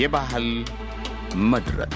የባህል መድረክ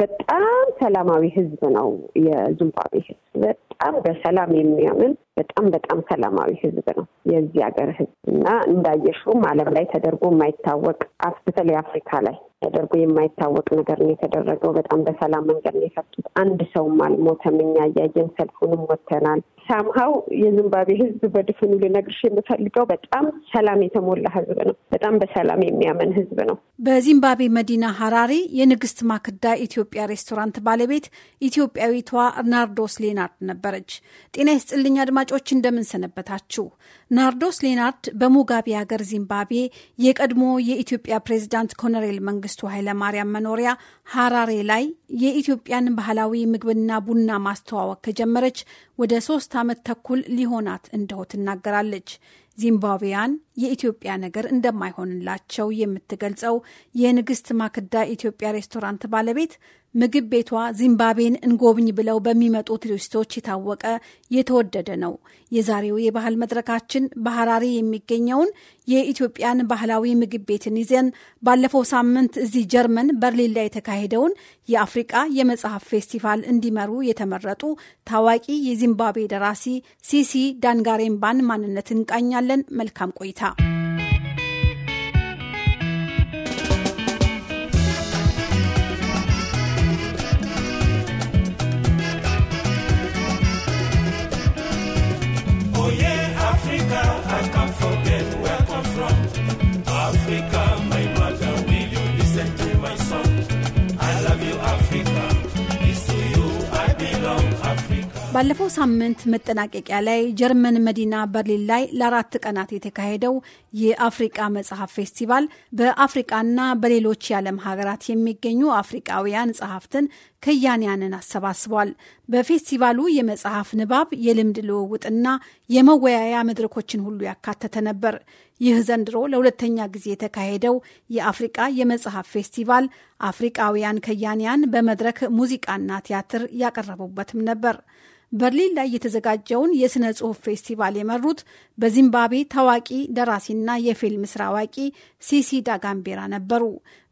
በጣም ሰላማዊ ህዝብ ነው የዙምባቤ ህዝብ። በጣም በሰላም የሚያምን በጣም በጣም ሰላማዊ ህዝብ ነው የዚህ ሀገር ህዝብ እና እንዳየሹም አለም ላይ ተደርጎ የማይታወቅ በተለይ አፍሪካ ላይ ተደርጎ የማይታወቅ ነገር ነው የተደረገው። በጣም በሰላም መንገድ ነው የፈቱት። አንድ ሰውም አልሞተም። እኛ እያየን ሰልፉንም ወተናል ሳምሃው የዝምባብዌ ህዝብ በድፍኑ ልነግርሽ የምፈልገው በጣም ሰላም የተሞላ ህዝብ ነው። በጣም በሰላም የሚያምን ህዝብ ነው። በዚምባብዌ መዲና ሀራሪ የንግስት ማክዳ ኢትዮጵያ ሬስቶራንት ባለቤት ኢትዮጵያዊቷ ናርዶስ ሌናርድ ነበረች። ጤና ይስጥልኝ አድማጮች፣ እንደምንሰነበታችሁ። ናርዶስ ሌናርድ በሞጋቤ ሀገር ዚምባብዌ የቀድሞ የኢትዮጵያ ፕሬዝዳንት ኮሎኔል መንግስቱ ኃይለማርያም መኖሪያ ሀራሬ ላይ የኢትዮጵያን ባህላዊ ምግብና ቡና ማስተዋወቅ ከጀመረች ወደ ሶስት ዓመት ተኩል ሊሆናት እንደሆ ትናገራለች። ዚምባብያን የኢትዮጵያ ነገር እንደማይሆንላቸው የምትገልጸው የንግስት ማክዳ ኢትዮጵያ ሬስቶራንት ባለቤት ምግብ ቤቷ ዚምባብዌን እንጎብኝ ብለው በሚመጡ ቱሪስቶች የታወቀ የተወደደ ነው። የዛሬው የባህል መድረካችን በሐራሪ የሚገኘውን የኢትዮጵያን ባህላዊ ምግብ ቤትን ይዘን ባለፈው ሳምንት እዚህ ጀርመን በርሊን ላይ የተካሄደውን የአፍሪቃ የመጽሐፍ ፌስቲቫል እንዲመሩ የተመረጡ ታዋቂ የዚምባብዌ ደራሲ ሲሲ ዳንጋሬምባን ማንነት እንቃኛለን። መልካም ቆይታ። ባለፈው ሳምንት መጠናቀቂያ ላይ ጀርመን መዲና በርሊን ላይ ለአራት ቀናት የተካሄደው የአፍሪቃ መጽሐፍ ፌስቲቫል በአፍሪቃና በሌሎች የዓለም ሀገራት የሚገኙ አፍሪቃውያን ጸሐፍትን ከያንያንን አሰባስቧል። በፌስቲቫሉ የመጽሐፍ ንባብ፣ የልምድ ልውውጥና የመወያያ መድረኮችን ሁሉ ያካተተ ነበር። ይህ ዘንድሮ ለሁለተኛ ጊዜ የተካሄደው የአፍሪቃ የመጽሐፍ ፌስቲቫል አፍሪቃውያን ከያንያን በመድረክ ሙዚቃና ቲያትር ያቀረቡበትም ነበር። በርሊን ላይ የተዘጋጀውን የሥነ ጽሑፍ ፌስቲቫል የመሩት በዚምባብዌ ታዋቂ ደራሲና የፊልም ስራ አዋቂ ሲሲ ዳጋምቤራ ነበሩ።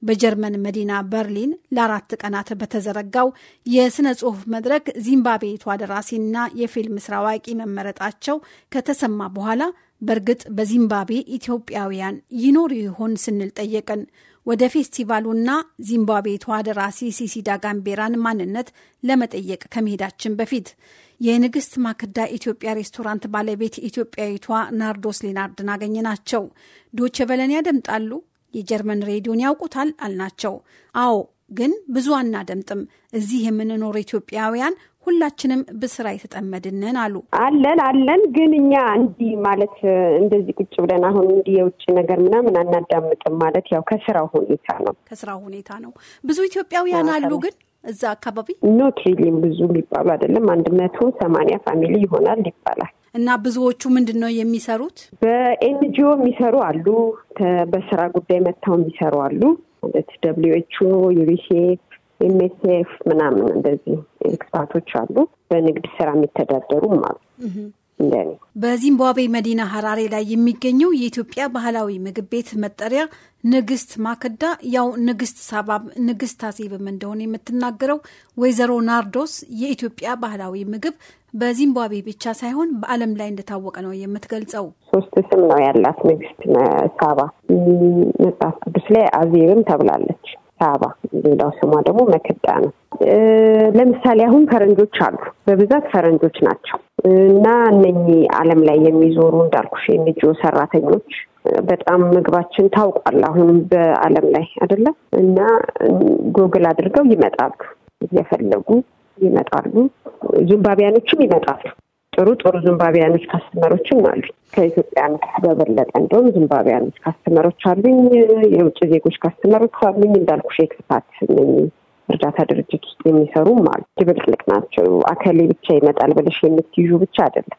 በጀርመን መዲና በርሊን ለአራት ቀናት በተዘረጋው የስነ ጽሁፍ መድረክ ዚምባብዌቷ ደራሲና የፊልም ስራ አዋቂ መመረጣቸው ከተሰማ በኋላ በእርግጥ በዚምባብዌ ኢትዮጵያውያን ይኖር ይሆን ስንል ጠየቅን። ወደ ፌስቲቫሉና ዚምባብዌቷ ደራሲ ሲሲዳ ጋምቤራን ማንነት ለመጠየቅ ከመሄዳችን በፊት የንግሥት ማክዳ ኢትዮጵያ ሬስቶራንት ባለቤት ኢትዮጵያዊቷ ናርዶስ ሌናርድን አገኘናቸው። ዶቼ ቬለን ያደምጣሉ። የጀርመን ሬዲዮን ያውቁታል አልናቸው። አዎ፣ ግን ብዙ አናደምጥም እዚህ የምንኖር ኢትዮጵያውያን ሁላችንም በስራ የተጠመድንን አሉ። አለን አለን፣ ግን እኛ እንዲህ ማለት እንደዚህ ቁጭ ብለን አሁን እንዲህ የውጭ ነገር ምናምን አናዳምጥም። ማለት ያው ከስራው ሁኔታ ነው፣ ከስራው ሁኔታ ነው። ብዙ ኢትዮጵያውያን አሉ ግን እዛ አካባቢ ኖት ሪሊም ብዙ ሊባሉ አይደለም። አንድ መቶ ሰማንያ ፋሚሊ ይሆናል ይባላል። እና ብዙዎቹ ምንድን ነው የሚሰሩት? በኤንጂኦ የሚሰሩ አሉ። በስራ ጉዳይ መጥተው የሚሰሩ አሉ። ማለት ደብሊው ዩኒሴፍ፣ ኤምኤስኤፍ ምናምን እንደዚህ ኤክስፐርቶች አሉ። በንግድ ስራ የሚተዳደሩም አሉ። በዚምባብዌ መዲና ሀራሬ ላይ የሚገኘው የኢትዮጵያ ባህላዊ ምግብ ቤት መጠሪያ ንግስት ማክዳ ያው ንግስት ሳባብ ንግስት አሴብም እንደሆነ የምትናገረው ወይዘሮ ናርዶስ የኢትዮጵያ ባህላዊ ምግብ በዚምባብዌ ብቻ ሳይሆን በዓለም ላይ እንደታወቀ ነው የምትገልጸው። ሶስት ስም ነው ያላት ንግስት ሳባ። መጽሐፍ ቅዱስ ላይ አዜብም ተብላለች ሳባ። ሌላው ስሟ ደግሞ መክዳ ነው። ለምሳሌ አሁን ፈረንጆች አሉ፣ በብዛት ፈረንጆች ናቸው እና እነኚህ ዓለም ላይ የሚዞሩ እንዳልኩሽ የንጆ ሰራተኞች በጣም ምግባችን ታውቋል። አሁን በዓለም ላይ አይደለም እና ጎግል አድርገው ይመጣሉ እየፈለጉ ይመጣሉ። ዚምባብያኖችም ይመጣሉ። ጥሩ ጥሩ ዚምባብያኖች ካስተመሮችም አሉ። ከኢትዮጵያኖች በበለጠ እንደውም ዚምባብያኖች ካስተመሮች አሉኝ። የውጭ ዜጎች ካስተመሮች አሉኝ። እንዳልኩሽ ኤክስፓት ነኝ እርዳታ ድርጅት ውስጥ የሚሰሩም አሉ። ድብልቅልቅ ናቸው። አከሌ ብቻ ይመጣል ብለሽ የምትይዙ ብቻ አይደለም።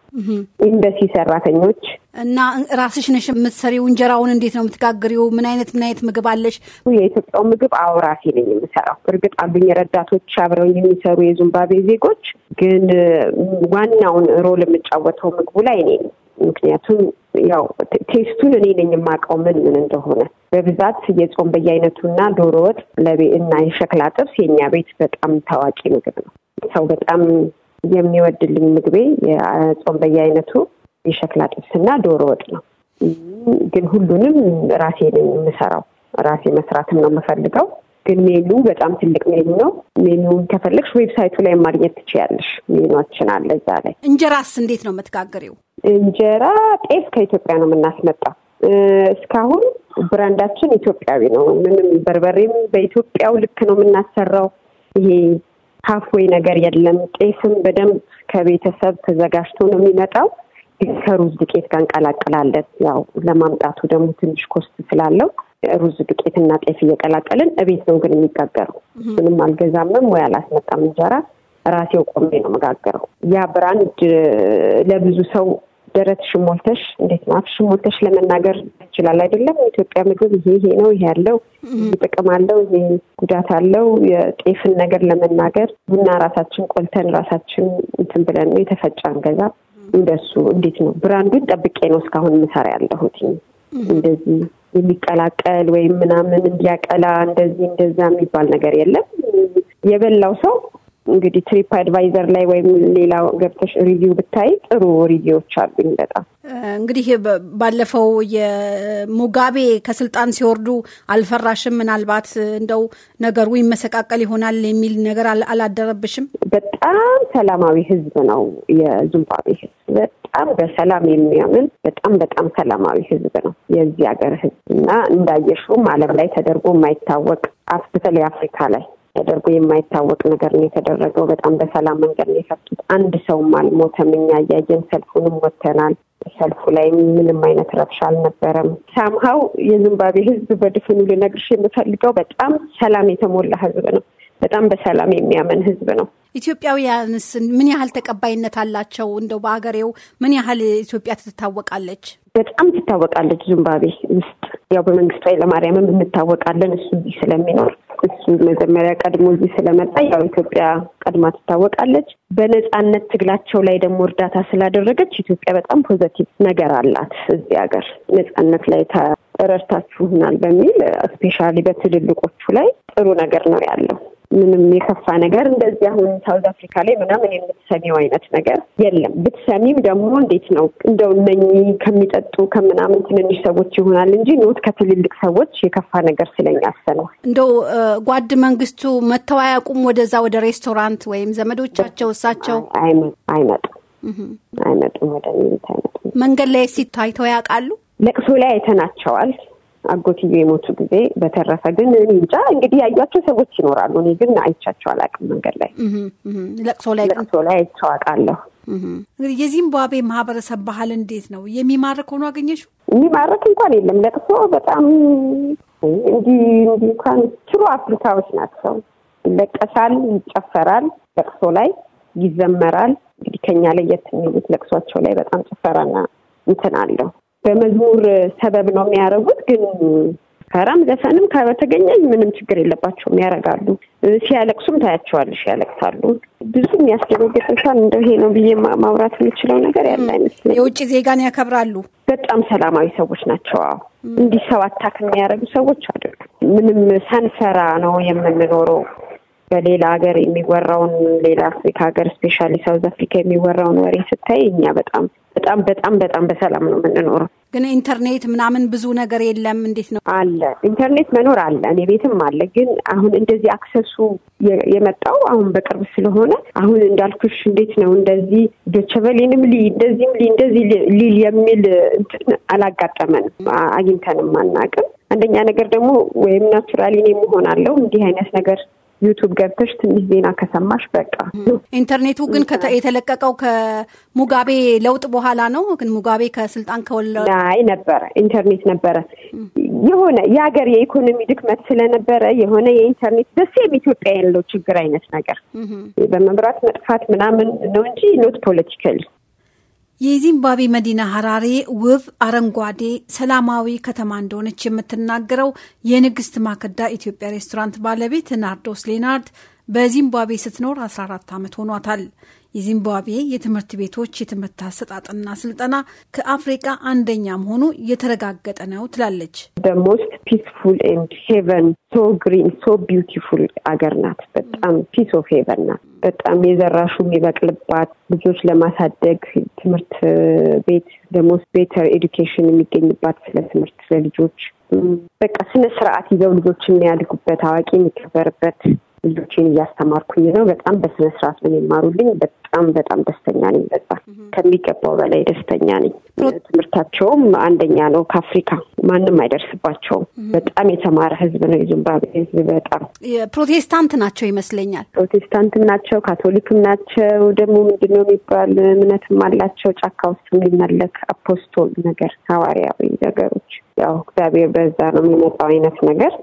ኤምበሲ ሰራተኞች እና ራስሽ ነሽ የምትሰሪው። እንጀራውን እንዴት ነው የምትጋግሪው? ምን አይነት ምን አይነት ምግብ አለሽ? የኢትዮጵያው ምግብ አውራሴ ነኝ የምሰራው። እርግጥ አሉኝ ረዳቶች አብረውኝ የሚሰሩ የዙምባቤ ዜጎች፣ ግን ዋናውን ሮል የምጫወተው ምግቡ ላይ እኔ ነኝ። ምክንያቱም ያው ቴስቱን እኔ ነኝ የማውቀው ምን ምን እንደሆነ። በብዛት የጾም በየአይነቱና ዶሮ ወጥ ለቤ እና የሸክላ ጥብስ የእኛ ቤት በጣም ታዋቂ ምግብ ነው። ሰው በጣም የሚወድልኝ ምግቤ የጾም በየአይነቱ የሸክላ ጥብስና ዶሮ ወጥ ነው። ግን ሁሉንም ራሴ ነኝ የምሰራው። ራሴ መስራትም ነው የምፈልገው። ግን ሜኑ በጣም ትልቅ ሜኑ ነው። ሜኑን ከፈለግሽ ዌብሳይቱ ላይ ማግኘት ትችያለሽ። ሜኗችን አለ እዛ ላይ። እንጀራስ እንዴት ነው የምትጋግሪው? እንጀራ ጤፍ ከኢትዮጵያ ነው የምናስመጣው። እስካሁን ብራንዳችን ኢትዮጵያዊ ነው። ምንም በርበሬም በኢትዮጵያው ልክ ነው የምናሰራው። ይሄ ወይ ነገር የለም። ጤፍም በደንብ ከቤተሰብ ተዘጋጅቶ ነው የሚመጣው። ከሩዝ ዱቄት ጋር እንቀላቅላለን። ያው ለማምጣቱ ደግሞ ትንሽ ኮስት ስላለው ሩዝ ዱቄትና ጤፍ እየቀላቀልን እቤት ነው ግን የሚጋገረው። ምንም አልገዛምም ወይ አላስመጣም እንጀራ ራሴው ቆሜ ነው መጋገረው። ያ ብራንድ ለብዙ ሰው ደረት ሽሞልተሽ እንዴት ነው አፍ ሽሞልተሽ ለመናገር ይችላል አይደለም። የኢትዮጵያ ምግብ ይሄ ይሄ ነው፣ ይሄ ያለው ጥቅም አለው፣ ይሄ ጉዳት አለው። የጤፍን ነገር ለመናገር ቡና ራሳችን ቆልተን ራሳችን እንትን ብለን ነው የተፈጫን ገዛ እንደሱ እንዴት ነው ብራንዱን ጠብቄ ነው እስካሁን ምሰራ ያለሁት። እንደዚህ የሚቀላቀል ወይም ምናምን እንዲያቀላ እንደዚህ እንደዛ የሚባል ነገር የለም። የበላው ሰው እንግዲህ ትሪፕ አድቫይዘር ላይ ወይም ሌላ ገብተሽ ሪቪው ብታይ ጥሩ ሪቪዎች አሉኝ በጣም እንግዲህ ባለፈው የሙጋቤ ከስልጣን ሲወርዱ አልፈራሽም? ምናልባት እንደው ነገሩ ይመሰቃቀል ይሆናል የሚል ነገር አላደረብሽም? በጣም ሰላማዊ ህዝብ ነው የዚምባብዌ ህዝብ። በጣም በሰላም የሚያምን በጣም በጣም ሰላማዊ ህዝብ ነው የዚህ ሀገር ህዝብ እና እንዳየሽውም ዓለም ላይ ተደርጎ የማይታወቅ በተለይ አፍሪካ ላይ ተደርጎ የማይታወቅ ነገር ነው የተደረገው። በጣም በሰላም መንገድ ነው የፈቱት። አንድ ሰውም አልሞተም። እኛ እያየን ሰልፉንም ወተናል። ሰልፉ ላይ ምንም አይነት ረብሻ አልነበረም። ሳምሀው የዚምባብዌ ሕዝብ በድፍኑ ልነግርሽ የምፈልገው በጣም ሰላም የተሞላ ሕዝብ ነው። በጣም በሰላም የሚያምን ሕዝብ ነው። ኢትዮጵያውያንስ ምን ያህል ተቀባይነት አላቸው? እንደው በአገሬው ምን ያህል ኢትዮጵያ ትታወቃለች? በጣም ትታወቃለች ዚምባብዌ ውስጥ ያው በመንግስቱ ኃይለማርያምም እንታወቃለን እሱ እዚህ ስለሚኖር እሱ መጀመሪያ ቀድሞ እዚህ ስለመጣ ያው ኢትዮጵያ ቀድማ ትታወቃለች። በነጻነት ትግላቸው ላይ ደግሞ እርዳታ ስላደረገች ኢትዮጵያ በጣም ፖዘቲቭ ነገር አላት። እዚህ ሀገር ነጻነት ላይ ረድታችሁናል በሚል ስፔሻሊ በትልልቆቹ ላይ ጥሩ ነገር ነው ያለው። ምንም የከፋ ነገር እንደዚህ አሁን ሳውዝ አፍሪካ ላይ ምናምን የምትሰሚው አይነት ነገር የለም። ብትሰሚም ደግሞ እንዴት ነው እንደው እነኚህ ከሚጠጡ ከምናምን ትንንሽ ሰዎች ይሆናል እንጂ ኖት ከትልልቅ ሰዎች የከፋ ነገር ስለኛ አሰማል። እንደው ጓድ መንግስቱ መተው አያውቁም ወደዛ ወደ ሬስቶራንት ወይም ዘመዶቻቸው እሳቸው አይመጡም አይመጡም ወደ መንገድ ላይ ሲታይተው ያውቃሉ። ለቅሶ ላይ አይተናቸዋል። አጎትዬ የሞቱ ጊዜ በተረፈ ግን እኔ እንጃ እንግዲህ ያዩቸው ሰዎች ይኖራሉ። እኔ ግን አይቻቸው አላውቅም። መንገድ ላይ ለቅሶ ላይ ለቅሶ ላይ አይቼው አውቃለሁ። እንግዲህ የዚምባብዌ ማህበረሰብ ባህል እንዴት ነው? የሚማርክ ሆኖ አገኘሹ የሚማርክ እንኳን የለም። ለቅሶ በጣም እንዲ እንዲ እንኳን ችሎ አፍሪካዎች ናቸው። ይለቀሳል፣ ይጨፈራል፣ ለቅሶ ላይ ይዘመራል። እንግዲህ ከኛ ለየት የሚሉት ለቅሷቸው ላይ በጣም ጭፈራና እንትን አለው በመዝሙር ሰበብ ነው የሚያደርጉት ግን ከራም ዘፈንም ከተገኘ ምንም ችግር የለባቸውም፣ ያደርጋሉ። ሲያለቅሱም ታያቸዋለሽ፣ ያለቅሳሉ። ብዙ የሚያስደነግጥ እንኳን እንደው ይሄ ነው ብዬ ማውራት የምችለው ነገር ያለ አይመስለኝም። የውጭ ዜጋን ያከብራሉ። በጣም ሰላማዊ ሰዎች ናቸው። አዎ እንዲህ ሰው አታክ የሚያደርጉ ሰዎች አይደሉም። ምንም ሳንፈራ ነው የምንኖረው። በሌላ ሀገር የሚወራውን ሌላ አፍሪካ ሀገር ስፔሻሊ ሳውዝ አፍሪካ የሚወራውን ወሬ ስታይ እኛ በጣም በጣም በጣም በጣም በሰላም ነው የምንኖረው። ግን ኢንተርኔት ምናምን ብዙ ነገር የለም። እንዴት ነው አለ ኢንተርኔት መኖር አለ። እኔ ቤትም አለ። ግን አሁን እንደዚህ አክሰሱ የመጣው አሁን በቅርብ ስለሆነ አሁን እንዳልኩሽ እንዴት ነው እንደዚህ ዶቸበሌንም ሊ እንደዚህም ሊ እንደዚህ ሊል የሚል አላጋጠመንም፣ አግኝተንም አናውቅም። አንደኛ ነገር ደግሞ ወይም ናቹራሊ መሆን አለው እንዲህ አይነት ነገር ዩቱብ ገብተሽ ትንሽ ዜና ከሰማሽ በቃ። ኢንተርኔቱ ግን የተለቀቀው ከሙጋቤ ለውጥ በኋላ ነው። ግን ሙጋቤ ከስልጣን ከወለ አይ ነበረ ኢንተርኔት ነበረ የሆነ የሀገር የኢኮኖሚ ድክመት ስለነበረ የሆነ የኢንተርኔት ደሴም ኢትዮጵያ ያለው ችግር አይነት ነገር በመብራት መጥፋት ምናምን ነው እንጂ ኖት ፖለቲካል የዚምባብዌ መዲና ሀራሬ ውብ አረንጓዴ ሰላማዊ ከተማ እንደሆነች የምትናገረው የንግስት ማከዳ ኢትዮጵያ ሬስቶራንት ባለቤት ናርዶስ ሌናርድ በዚምባብዌ ስትኖር 14 ዓመት ሆኗታል። የዚምባብዌ የትምህርት ቤቶች የትምህርት አሰጣጥና ስልጠና ከአፍሪቃ አንደኛ መሆኑ የተረጋገጠ ነው ትላለች። ሞስት ፒስፉል ኤንድ ሄቨን ሶ ግሪን ሶ ቢዩቲፉል አገር ናት። በጣም ፒስ ኦፍ ሄቨን ናት። በጣም የዘራሹ የሚበቅልባት ልጆች ለማሳደግ ትምህርት ቤት ደሞስ ቤተር ኤዱኬሽን የሚገኝባት ስለ ትምህርት ለልጆች በቃ ስነ ስርዓት ይዘው ልጆች የሚያድጉበት አዋቂ የሚከበርበት ልጆችን እያስተማርኩኝ ነው። በጣም በስነ ስርዓት ነው የሚማሩልኝ። በጣም በጣም ደስተኛ ነኝ። በጣም ከሚገባው በላይ ደስተኛ ነኝ። ትምህርታቸውም አንደኛ ነው። ከአፍሪካ ማንም አይደርስባቸውም። በጣም የተማረ ህዝብ ነው የዚምባብዌ ህዝብ። በጣም ፕሮቴስታንት ናቸው ይመስለኛል። ፕሮቴስታንትም ናቸው፣ ካቶሊክም ናቸው። ደግሞ ምንድነው የሚባል እምነትም አላቸው። ጫካ ውስጥ የሚመለክ አፖስቶል ነገር ሐዋርያዊ ነገሮች ያው እግዚአብሔር በዛ ነው የሚመጣው አይነት ነገር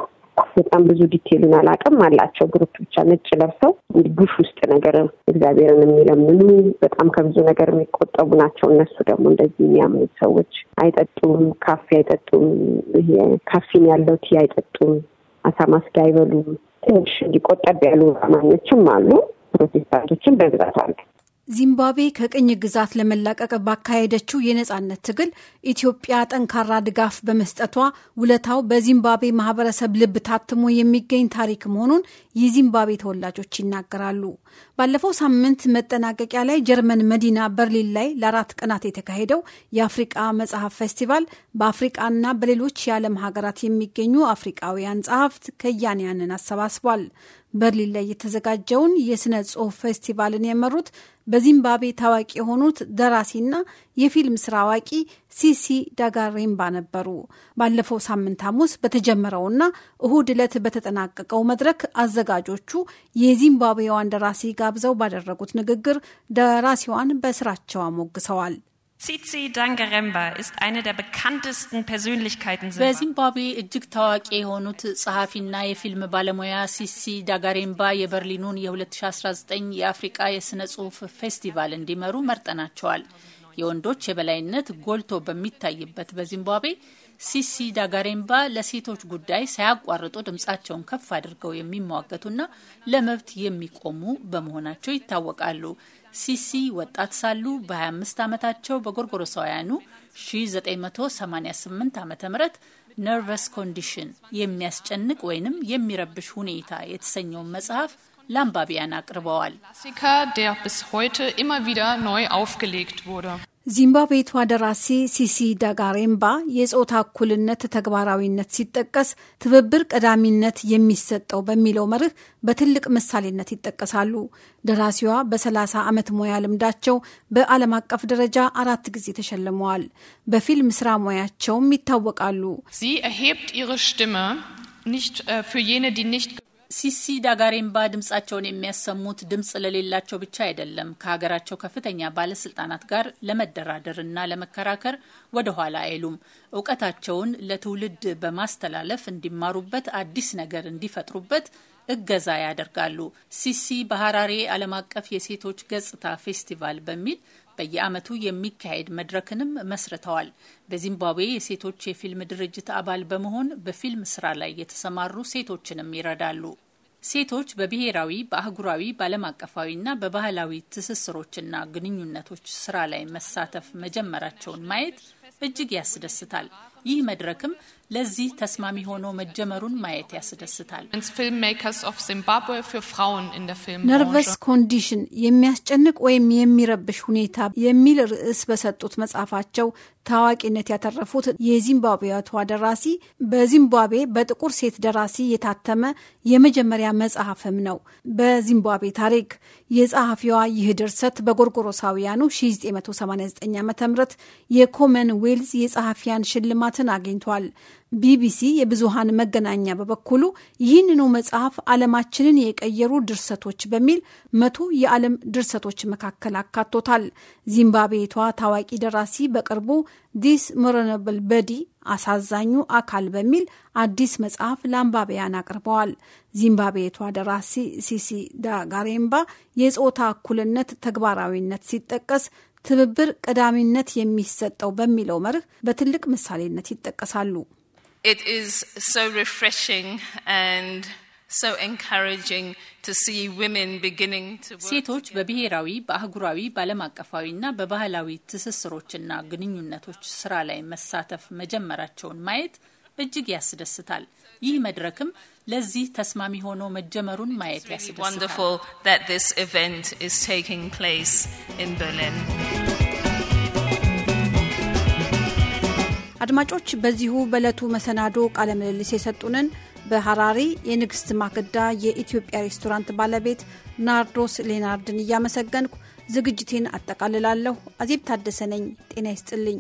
በጣም ብዙ ዲቴይሉን አላቅም አላቸው ግሩፕ ብቻ ነጭ ለብሰው ጉሽ ውስጥ ነገር እግዚአብሔርን የሚለምኑ በጣም ከብዙ ነገር የሚቆጠቡ ናቸው። እነሱ ደግሞ እንደዚህ የሚያምኑት ሰዎች አይጠጡም፣ ካፌ አይጠጡም፣ ይሄ ካፌን ያለው ቲ አይጠጡም፣ አሳ ማስጋ አይበሉም። ትንሽ እንዲቆጠብ ያሉ አማኞችም አሉ፣ ፕሮቴስታንቶችም በብዛት አሉ። ዚምባብዌ ከቅኝ ግዛት ለመላቀቅ ባካሄደችው የነጻነት ትግል ኢትዮጵያ ጠንካራ ድጋፍ በመስጠቷ ውለታው በዚምባብዌ ማህበረሰብ ልብ ታትሞ የሚገኝ ታሪክ መሆኑን የዚምባብዌ ተወላጆች ይናገራሉ። ባለፈው ሳምንት መጠናቀቂያ ላይ ጀርመን መዲና በርሊን ላይ ለአራት ቀናት የተካሄደው የአፍሪቃ መጽሐፍ ፌስቲቫል በአፍሪቃና በሌሎች የዓለም ሀገራት የሚገኙ አፍሪቃውያን ጸሐፍት ከያንያንን አሰባስቧል። በርሊን ላይ የተዘጋጀውን የሥነ ጽሑፍ ፌስቲቫልን የመሩት በዚምባብዌ ታዋቂ የሆኑት ደራሲና የፊልም ስራ አዋቂ ሲሲ ዳጋሬምባ ነበሩ። ባለፈው ሳምንት ሐሙስ በተጀመረውና እሁድ ዕለት በተጠናቀቀው መድረክ አዘጋጆቹ የዚምባብዌዋን ደራሲ ጋብዘው ባደረጉት ንግግር ደራሲዋን በስራቸው አሞግሰዋል። tsizi dangaremba ist eine በዚምባብዌ እጅግ ታዋቂ የሆኑት ጸሐፊና የፊልም ባለሙያ ሲሲ ዳጋሬምባ የበርሊኑን የ2019 የአፍሪቃ የሥነ ጽሑፍ ፌስቲቫል እንዲመሩ መርጠናቸዋል። የወንዶች የበላይነት ጎልቶ በሚታይበት በዚምባብዌ ሲሲ ዳጋሬምባ ለሴቶች ጉዳይ ሳያቋርጡ ድምጻቸውን ከፍ አድርገው የሚሟገቱና ለመብት የሚቆሙ በመሆናቸው ይታወቃሉ። ሲሲ ወጣት ሳሉ በ25 ዓመታቸው በጎርጎሮሳውያኑ 1988 ዓ ም ነርቨስ ኮንዲሽን የሚያስጨንቅ ወይንም የሚረብሽ ሁኔታ የተሰኘውን መጽሐፍ ለአንባቢያን አቅርበዋል። ዚምባብዌቷ ደራሲ ሲሲ ዳጋሬምባ የጾታ እኩልነት ተግባራዊነት ሲጠቀስ ትብብር ቀዳሚነት የሚሰጠው በሚለው መርህ በትልቅ ምሳሌነት ይጠቀሳሉ። ደራሲዋ በ30 ዓመት ሙያ ልምዳቸው በዓለም አቀፍ ደረጃ አራት ጊዜ ተሸልመዋል። በፊልም ስራ ሙያቸውም ይታወቃሉ። ሲሲ ዳጋሬምባ ድምጻቸውን የሚያሰሙት ድምፅ ለሌላቸው ብቻ አይደለም። ከሀገራቸው ከፍተኛ ባለስልጣናት ጋር ለመደራደር እና ለመከራከር ወደ ኋላ አይሉም። እውቀታቸውን ለትውልድ በማስተላለፍ እንዲማሩበት፣ አዲስ ነገር እንዲፈጥሩበት እገዛ ያደርጋሉ። ሲሲ በሀራሬ ዓለም አቀፍ የሴቶች ገጽታ ፌስቲቫል በሚል በየዓመቱ የሚካሄድ መድረክንም መስርተዋል። በዚምባብዌ የሴቶች የፊልም ድርጅት አባል በመሆን በፊልም ስራ ላይ የተሰማሩ ሴቶችንም ይረዳሉ። ሴቶች በብሔራዊ፣ በአህጉራዊ፣ በዓለም አቀፋዊና በባህላዊ ትስስሮችና ግንኙነቶች ስራ ላይ መሳተፍ መጀመራቸውን ማየት እጅግ ያስደስታል። ይህ መድረክም ለዚህ ተስማሚ ሆኖ መጀመሩን ማየት ያስደስታል። ነርቨስ ኮንዲሽን የሚያስጨንቅ ወይም የሚረብሽ ሁኔታ የሚል ርዕስ በሰጡት መጽሐፋቸው ታዋቂነት ያተረፉት የዚምባብዌቷ ደራሲ በዚምባብዌ በጥቁር ሴት ደራሲ የታተመ የመጀመሪያ መጽሐፍም ነው። በዚምባብዌ ታሪክ የጸሐፊዋ ይህ ድርሰት በጎርጎሮሳውያኑ 1989 ዓ ም የኮመን ዌልዝ የጸሐፊያን ሽልማት ሽልማትን አግኝቷል። ቢቢሲ የብዙሃን መገናኛ በበኩሉ ይህንኑ መጽሐፍ ዓለማችንን የቀየሩ ድርሰቶች በሚል መቶ የዓለም ድርሰቶች መካከል አካቶታል። ዚምባብዌቷ ታዋቂ ደራሲ በቅርቡ ዲስ ምረነብል በዲ አሳዛኙ አካል በሚል አዲስ መጽሐፍ ለአንባቢያን አቅርበዋል። ዚምባብዌቷ ደራሲ ሲሲ ዳጋሬምባ የጾታ እኩልነት ተግባራዊነት ሲጠቀስ ትብብር ቀዳሚነት የሚሰጠው በሚለው መርህ በትልቅ ምሳሌነት ይጠቀሳሉ። ሴቶች በብሔራዊ በአህጉራዊ በዓለም አቀፋዊና በባህላዊ ትስስሮችና ግንኙነቶች ስራ ላይ መሳተፍ መጀመራቸውን ማየት እጅግ ያስደስታል። ይህ መድረክም ለዚህ ተስማሚ ሆኖ መጀመሩን ማየት ያስደስታል። አድማጮች በዚሁ በዕለቱ መሰናዶ ቃለ ምልልስ የሰጡንን በሐራሪ የንግሥት ማክዳ የኢትዮጵያ ሬስቶራንት ባለቤት ናርዶስ ሌናርድን እያመሰገንኩ ዝግጅቴን አጠቃልላለሁ። አዜብ ታደሰ ነኝ። ጤና ይስጥልኝ።